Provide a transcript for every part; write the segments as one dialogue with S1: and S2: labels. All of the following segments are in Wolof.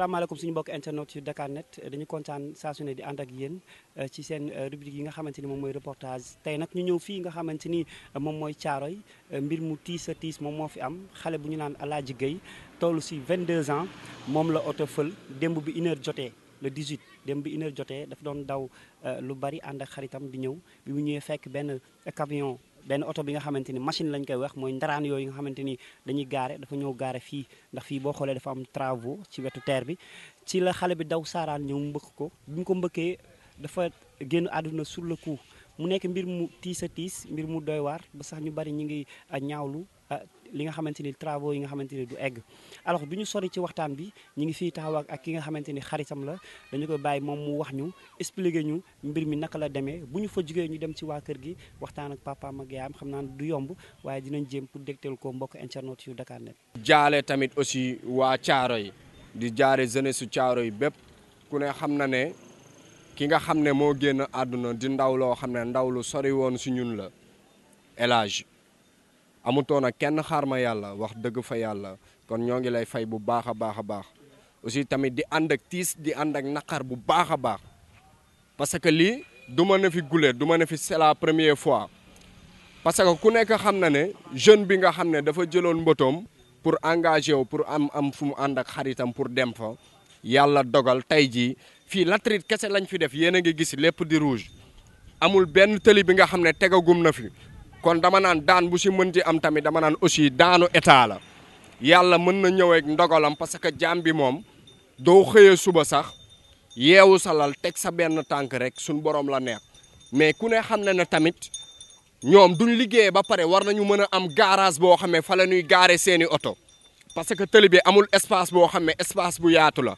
S1: salaamaaleykum suñu bokk internet yu Dakar Net dañu kontaan saa di ànd ak yéen eh, ci seen eh, rubrique yi nga xamante ni moom mooy reportage tey nag ñu ñëw fii nga xamante ni eh, moom mooy Caaroy mbir mu tiis a tiis moom moo fi am xale bu ñu naan Alaaji Gueye tollu si 22 ans moom la oto fël démb bi une heure jotee le 18 démb bi une jotee dafa doon daw lu bari ànd ak xaritam di ñëw bi mu ñëwee fekk benn camion benn oto bi nga xamante ni machine lañ koy wax mooy ndaraan yooyu nga xamante ni dañuy gaare dafa ñëw gaare fii ndax fii boo xoolee dafa am travaux ci wetu terre bi ci la xale bi daw saaraan ñëw mbëkk ko bi mu ko mbëkkee dafa génn àdduna sur la ku mu nekk mbir mu tiis a tiis mbir mu doy waar ba sax ñu bari ñu ngi ñaawlu ah, li nga xamante ni travaux yi nga xamante ni du egg alors du ñu sori ci waxtaan bi ñu ngi fii taxawaak ak ki nga xamante ni xaritam la dañu koy bàyyi moom mu wax ñu expliquer ñu mbir mi naka la demee bu ñu fa jugee ñu dem ci waa kër gi waxtaan ak papaam ak yaayam xam naa du yomb waaye dinañ jéem pour dégtal ko mbokk internet yu Dakar Net.
S2: jaale tamit aussi waa caaro yi di jaare jeunesse su caaro yi bépp ku ne xam na ne ki nga xam ne moo génn àdduna di ndaw loo xam ne ndaw lu sori woon si ñun la élage amutoon ak kenn xaar ma yàlla wax dëgg fa yàlla kon ñoo ngi lay fay bu baax a baax a baax aussi tamit di ànd ak tiis di ànd ak naqar bu baax a baax parce que lii du ma ne fi gulee du ma ne fi c'est la première fois parce que ku nekk xam na ne jeune bi nga xam ne dafa jëloon mbotoom pour engagé wu pour am am fu mu ànd ak xaritam pour dem fa yàlla dogal tey jii fii latrit kese lañ fi def yéen a ngi gis lépp di rouge amul benn tëli bi nga xam ne tegagum na fi kon dama naan daan bu si mënti am tamit dama naan aussi daanu état la yàlla mën na ñëwee ak ndogalam parce que jaam bi moom doo xëyee suba sax yeewu salal teg sa benn tànk rek suñ borom la neex mais ku ne xam na ne tamit ñoom duñ liggéeyee ba pare war nañu mën a am garage boo xam ne fa la ñuy gaare seeni oto parce que tëli bi amul espace boo xam ne espace bu yaatu la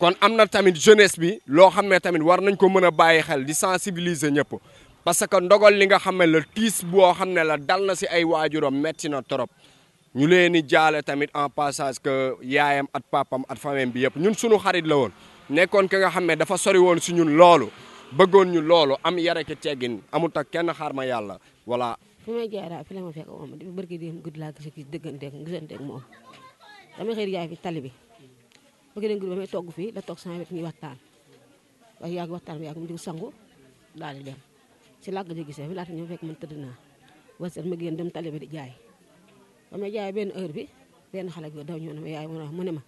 S2: kon am na tamit jeunesse bi loo xam ne tamit war nañ ko mën a bàyyi xel di sensibiliser ñëpp parce que ndogal li nga xam ne la tiis boo xam ne la dal na si ay waajuram metti na trop ñu leen di jaale tamit en passage que yaayam at papam at famem bi yëpp ñun suñu xarit la woon nekkoon ki nga xam ne dafa sori woon si ñun loolu bëggoon ñu loolu am yare ki teggin amut ak kenn xaar ma yàlla voilà.
S3: fi may jaay daal fi la ma fekk moom dafa bëri di guddi laa gis dëgganteeg gisanteeg ba may togg fii la toog sama wet ñuy waxtaan waaye yaa ngi waxtaan bi yaa ngi sangu daal dem. si laa gëj a gisee fi laata ñëw fekk man tëdd naa ba set ma génn dem tali di jaay ba ma jaay benn heure bi benn xale bi daw ñëw ne ma yaay mu ne ma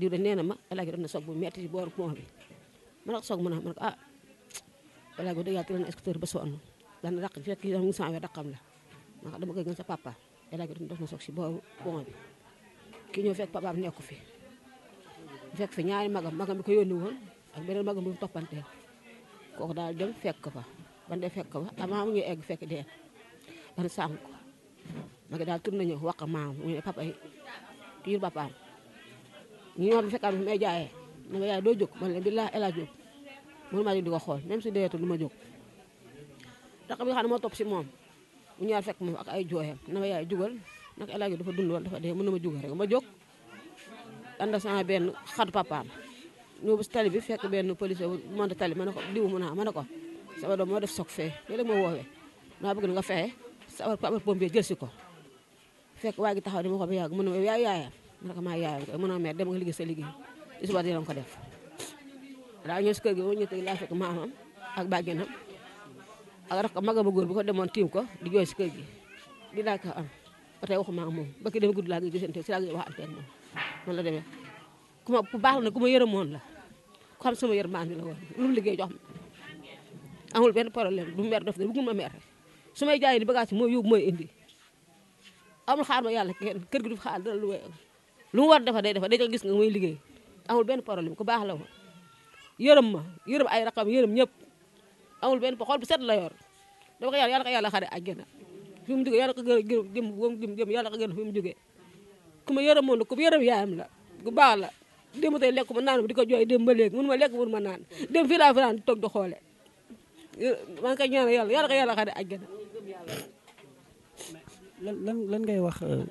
S3: diw de nee na ma alaaj def na soog bu metti ci booru pont bi ma ne ko soog mu ne ma ne ko ah alaaj dëgg yàlla tëral na scooter daq fekk mu ngi sama daqam la ma sa papa alaaj def na si booru pont kii ñëw fekk papaam nekku fi fekk fi ñaari magam magam bi ko yónni woon ak beneen magam bi mu kooku daal dem fekk fa ban de fekk ba avant mu ñuy egg fekk dee ban sàmm ko magi daal tur nañu wax maam mu ne papa yi kiir bapaam ñu ñor bu fekkaan fi may jaayee na doo jóg man leen billaah El di ko xool même si deetu du ma jóg taxam nga xam ne moo topp mu fekk moom ak ay jooyam na ma yaay jugal nag El Hadj Diop dafa dund woon dafa dee mën na ma jugal rek ma jóg ànd sama benn xatu papaam ñëw bu tali bi fekk benn policier bu monte tali ma ne ko diw mu naa ah, ma ne ko sama doom moo def soog fee léeg-léeg moo woowee naa bëgg na nga fexe sabar ko amat pompier jël si ko fekk waa gi taxaw ni ma ko ba yàgg mu ne ma yaay yaayam ma ne ko maa yaayam ko mu ne ma mère dem nga liggéey sa liggéey li suba dinañ ko def daa ñëw si kër gi ba ñu tey laa fekk maamam ak bàjjenam ak rak magam góor bu ko demoon tiim ko di jooy si kër gi di laa ko am ah, ba tey waxuma ak moom ba ki dem gudd laa gi gisante si laa gi waxante ak moom man la demee ku ma ku baax la ne ku ma yërëmoon la ku xam sama yërmaan bi la woon lu mu liggéey jox ma amul benn problème du mer daf de bëggul ma mer su may jaayee ni bagage bi mooy yóbbu mooy indi amul xaar ma yàlla kenn kër gi du xaar dara lu lu war defa day defa day ko gis nga mooy liggéey amul benn problème ku baax la woon yërëm ma yërëm ay raqam yërëm ñëpp amul benn xool bu set la yor dama ko yàlla yàlla ko yàlla xare fi mu jógee yàlla ko gën a gërëm jëm wam jëm yàlla ko gën fi mu ku ma yërëm moon ku yërëm yaayam la ku baax la démb tey lekk ma naan di ko jooy démb ba léegi mun ma lekk mun ma naan dem fii laa fi naan toog di xoole man kay ñaan yàlla yàlla ko yàlla xaaree àjjana.
S1: lan lan lan ngay wax euh,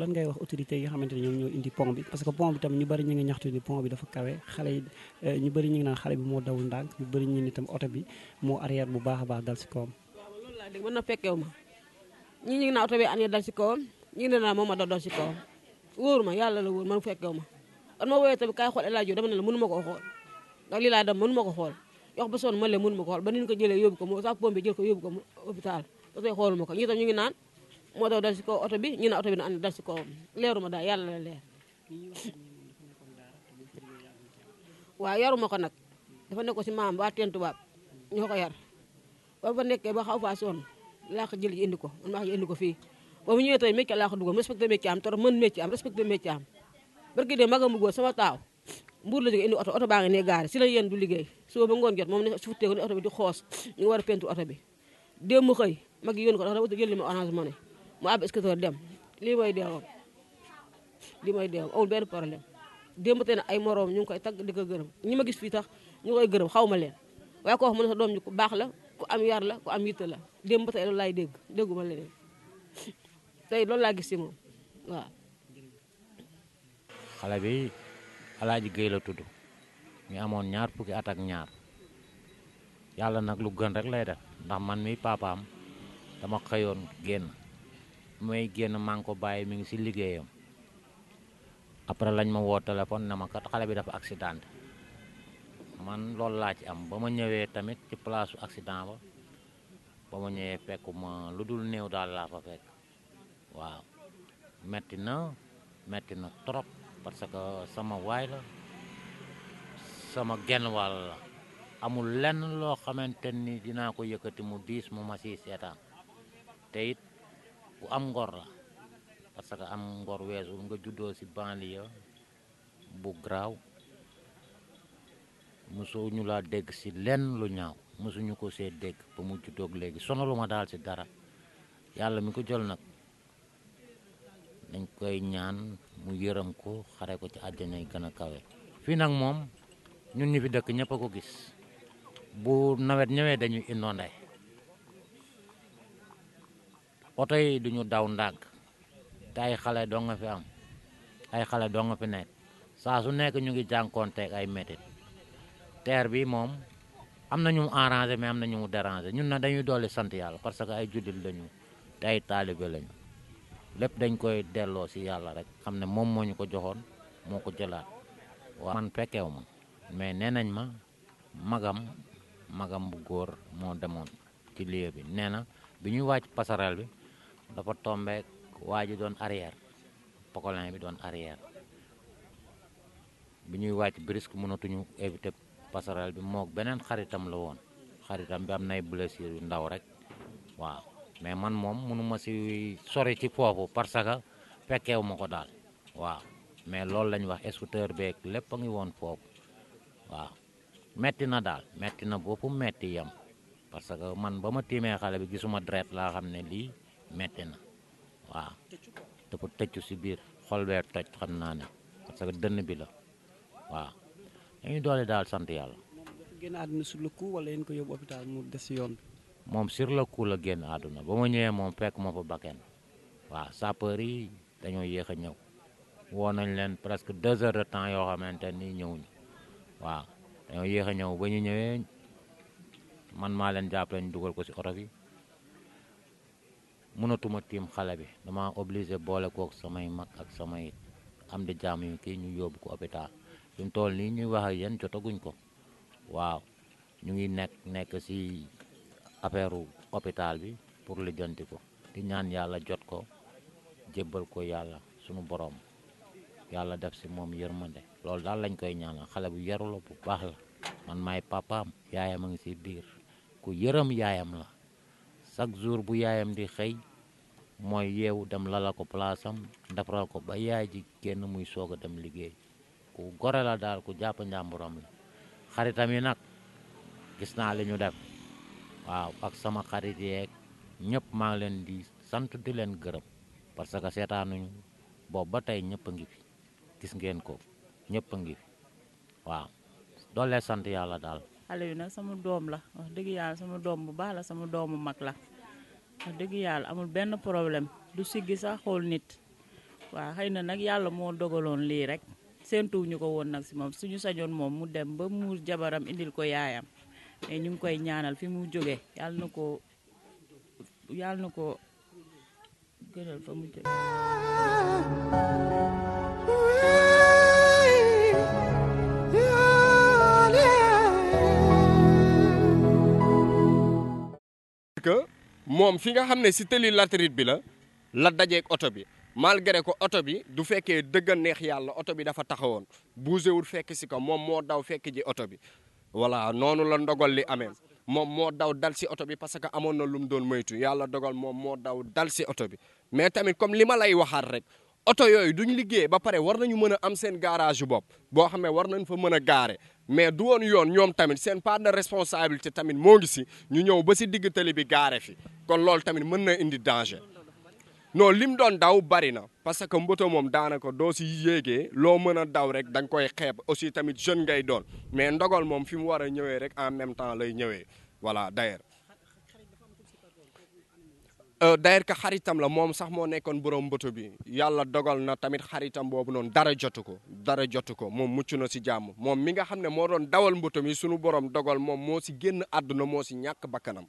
S1: lan ngay wax autorité yi xamante ne ñoom ñoo indi pont bi parce que pont bi tam ñu bari ñu ngi ñaxtu ni pont bi dafa kawe xale yi euh, ñu bëri ñu ngi naan xale bi moo dawul ndànk ñu bëri ñu ni tam oto bi moo arrière bu baax baax dal si kawam. waaw
S3: loolu laa dégg ñu ngi naan oto bi arrière dal si kawam ne naa moom a dal si kawam wóor ma yàlla la wóor man fekkeewu ma kon ma wooyee tamit kaay xool El Hadj dama ne la mënu ma ko xool ndax lii laa dem mënu ma ko xool jox ba soon man le mun ma kool xool ba ni ñu ko jëlee yóbbu ko mu sax pompe jël ko yóbbu ko mu hôpital parce que xoolu ma ko ñi tam ñu ngi naan moo daw dal si kaw oto bi ñu naan oto bi na ànd dal si kawam leeru ma daa yàlla la leer waaw yaruma ko nag dafa nekko si maam waa teen tubaab ñoo ko yar ba ba nekkee ba xaw faa sonn laa ko jël ji indi ko man maa ko indi ko fii ba mu ñëwee tey métier laa ko dugal respecté métier am trop mën métier am respecté métier am barki de maga sama taaw mbuur la jóge indi oto oto baa ngi ne gaare si la yéen du liggéey suba ba ngoon jot moom ne su futteeku ne oto bi di xoos ñu war pentu oto bi démb xëy mag yi yónni ko dafa jël li ma orange money mu àbb scooter dem lii mooy deewam lii mooy deewam amul benn problème démb na ay moroom ñu ngi koy tagg di ko gërëm ñi ma gis fii tax ñu koy gërëm xaw ma leen waaye koo xam ne sa doom ñu ku baax la ko am yar la ku am yitte la démb ba tey loolu laay dégg dégguma leneen tey loolu laa gis si
S4: bi alaaji Géy la tudd ñu amoon ñaar fukki at ak ñaar yàlla nag lu gën rek lay def ndax man mi papaam dama xëyoon génn mooy génn maa bàyyi mi ngi si liggéeyam après lañ ma woo téléphone ne ma kat xale bi dafa accident man loolu laa ci am ba ma ñëwee tamit ci place accident ba ba ma ñëwee fekkuma lu dul néew daal laa fa fekk waaw metti na metti na trop parce que sama waay la sama genn wàll la amul lenn loo xamante ni dinaa ko yëkkati mu diis mu ma si seetaan te ku am ngor la parce que am ngor weesul nga juddoo si banlieue bu garaaw mosoo ñu laa dégg si lenn lu ñaaw mosuñu ko see dégg ba mu juddoog léegi sonalu ma daal si dara yàlla mi ko jël nag dañ koy ñaan mu yërëm ko xare ko ci àjjana yi gën a kawe. fii nag moom ñun ñu fi dëkk ñëpp ko gis bu nawet ñëwee dañuy inondé oto yi duñu daw ndàgg te ay xale doo nga fi am ay xale doo nga fi nekk saa su nekk ñu ngi jànkoonteeg ay métit teer bi moom am na ñu mu arrangé mais am na ñu mu dérangé ñun na dañuy dolli sant yàlla parce que ay juddit lañu te ay taalibe lañu lépp dañ koy delloo si yàlla rek xam na moom moo ñu ko joxoon moo ko jëlaat waaw man fekkeew ma mais nee nañ ma magam magam bu góor moo demoon ci lieu bi nee na bi ñuy wàcc passerelle bi dafa tombé waa ji doon arrière pokolin bi doon arrière bi ñuy wàcc brisque mënatuñu éviter passerelle bi mook beneen xaritam la woon xaritam bi am nay blessure yu ndaw rek waaw mais man moom mënu ma si sori ci foofu parce que fekkeewu ma ko daal waaw mais loolu lañ wax scooter beeg lépp a ngi woon foofu waaw metti na daal metti na boppu metti yam parce que man ba ma tiimee xale bi gisuma deret laa xam ne lii metti na waaw dafa tëccu si biir xol bee toj xam naa ne parce que dënn bi la waaw dañuy doole daal sant yàlla. moom sur le coup la génn àdduna ba ma ñëwee moom fekk ma fa bakken waaw sapeur yi dañoo yéex a ñëw woo nañ leen presque deux heures de temps yoo xamante ni ñëwuñu waaw dañoo yéex a ñëw ba ñu ñëwee man maa leen jàppale ñu dugal ko ci oto bi mënatuma tiim xale bi dama obligé boole kook samay mag ak samay am di jaam yu kii ñu yóbbu ko hôpital fi tool toll nii ñuy wax ak yéen ko waaw ñu ngi nekk nekk ci affaire hôpital bi pour lijjanti ko di ñaan yàlla jot ko jébbal ko yàlla sunu boroom yàlla def si moom yërmande loolu daal lañ koy ñaanal xale bu yaru la bu baax la man maay papaam yaayam a ngi si biir ku yërëm yaayam la chaque jour bu yaayam di xëy mooy yeewu dem lala ko place am ko ba yaay ji génn muy soog a dem liggéey ku gore la daal ku jàpp njàmburam la xaritam yi nag gis naa li ñu def waaw ak sama xarit yeeg ñépp maa leen di sant di leen gërëm parce que seetaanuñu boobu ba tey ñëpp a ngi fi gis ngeen ko ñëpp a ngi fi waaw doolee sant yàlla daal.
S3: xale yu nag sama doom la wax dëgg yàlla sama doom bu baax la sama doomu mag la wax dëgg yàlla amul benn problème du siggi sax xool nit waa xëy na nag yàlla moo dogaloon lii rek séentuwuñu ko woon nag si moom suñu sajoon moom mu dem ba muur jabaram indil ko yaayam. ñu ngi koy ñaanal fi mu jógee yàlla na ko yàlla na ko gënal
S2: moom fi nga xam ne si tëli latérite bi la la dajeeg oto bi malgré ko oto bi du fekkee dëgg neex yàlla oto bi dafa taxawoon bougé wul fekk si ko moom moo daw fekk ji oto bi voilà noonu la ndogal li amee moom moo daw dal si oto bi parce que amoon na lu mu doon moytu yàlla dogal moom moo daw dal si oto bi mais tamit comme li ma lay waxaat rek oto yooyu duñ liggéey ba pare war nañu mën a am seen garage bopp boo xam ne war nañ fa mën a gaare mais du woon yoon ñoom tamit seen part de responsabilité tamit moo ngi si ñu ñëw ba si digg tali bi gaare fi kon loolu tamit mën na indi danger li mu doon daw bari na parce que mboto moom daanaka doo si yéegee loo mën a daw rek danga nga koy xeeb aussi tamit jeune ngay doon mais ndogal moom fi mu war a ñëwee rek en même temps lay ñëwee voilà d'ailleurs euh, d'ailleurs que xaritam la moom sax moo nekkoon borom mboto bi yàlla dogal na tamit xaritam boobu noonu dara jot ko dara jotu ko moom mucc na si jàmm moom mi nga xam ne moo doon dawal mboto mi sunu borom dogal moom moo si génn àdduna moo si ñàkk bakkanam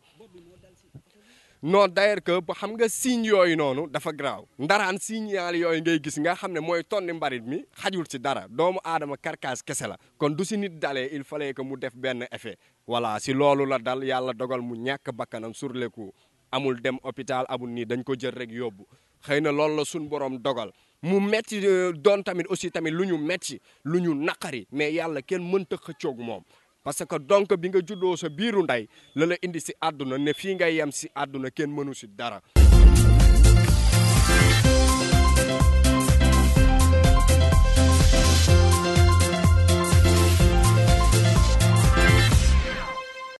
S2: non d'ailleurs que xam nga signe yooyu noonu dafa graaw ndaraan signal yooyu ngay gis nga xam ne mooy tonni mbarit mi xajul si dara doomu aadama carcasse kese la kon du si nit dalee il fallait que mu def benn effet voilà si loolu la dal yàlla dogal mu ñàkk bakkanam sur amul dem hôpital abul nii dañ ko jël rek yóbbu xëy na loolu la suñ borom dogal mu metti euh, doon tamit aussi tamit lu ñu metti lu ñu naqari mais yàlla kenn mënta xëccoog moom parce que donc bi nga juddoo sa biiru ndey la la indi si àdduna ne fii ngay yem si àdduna kenn mënu si dara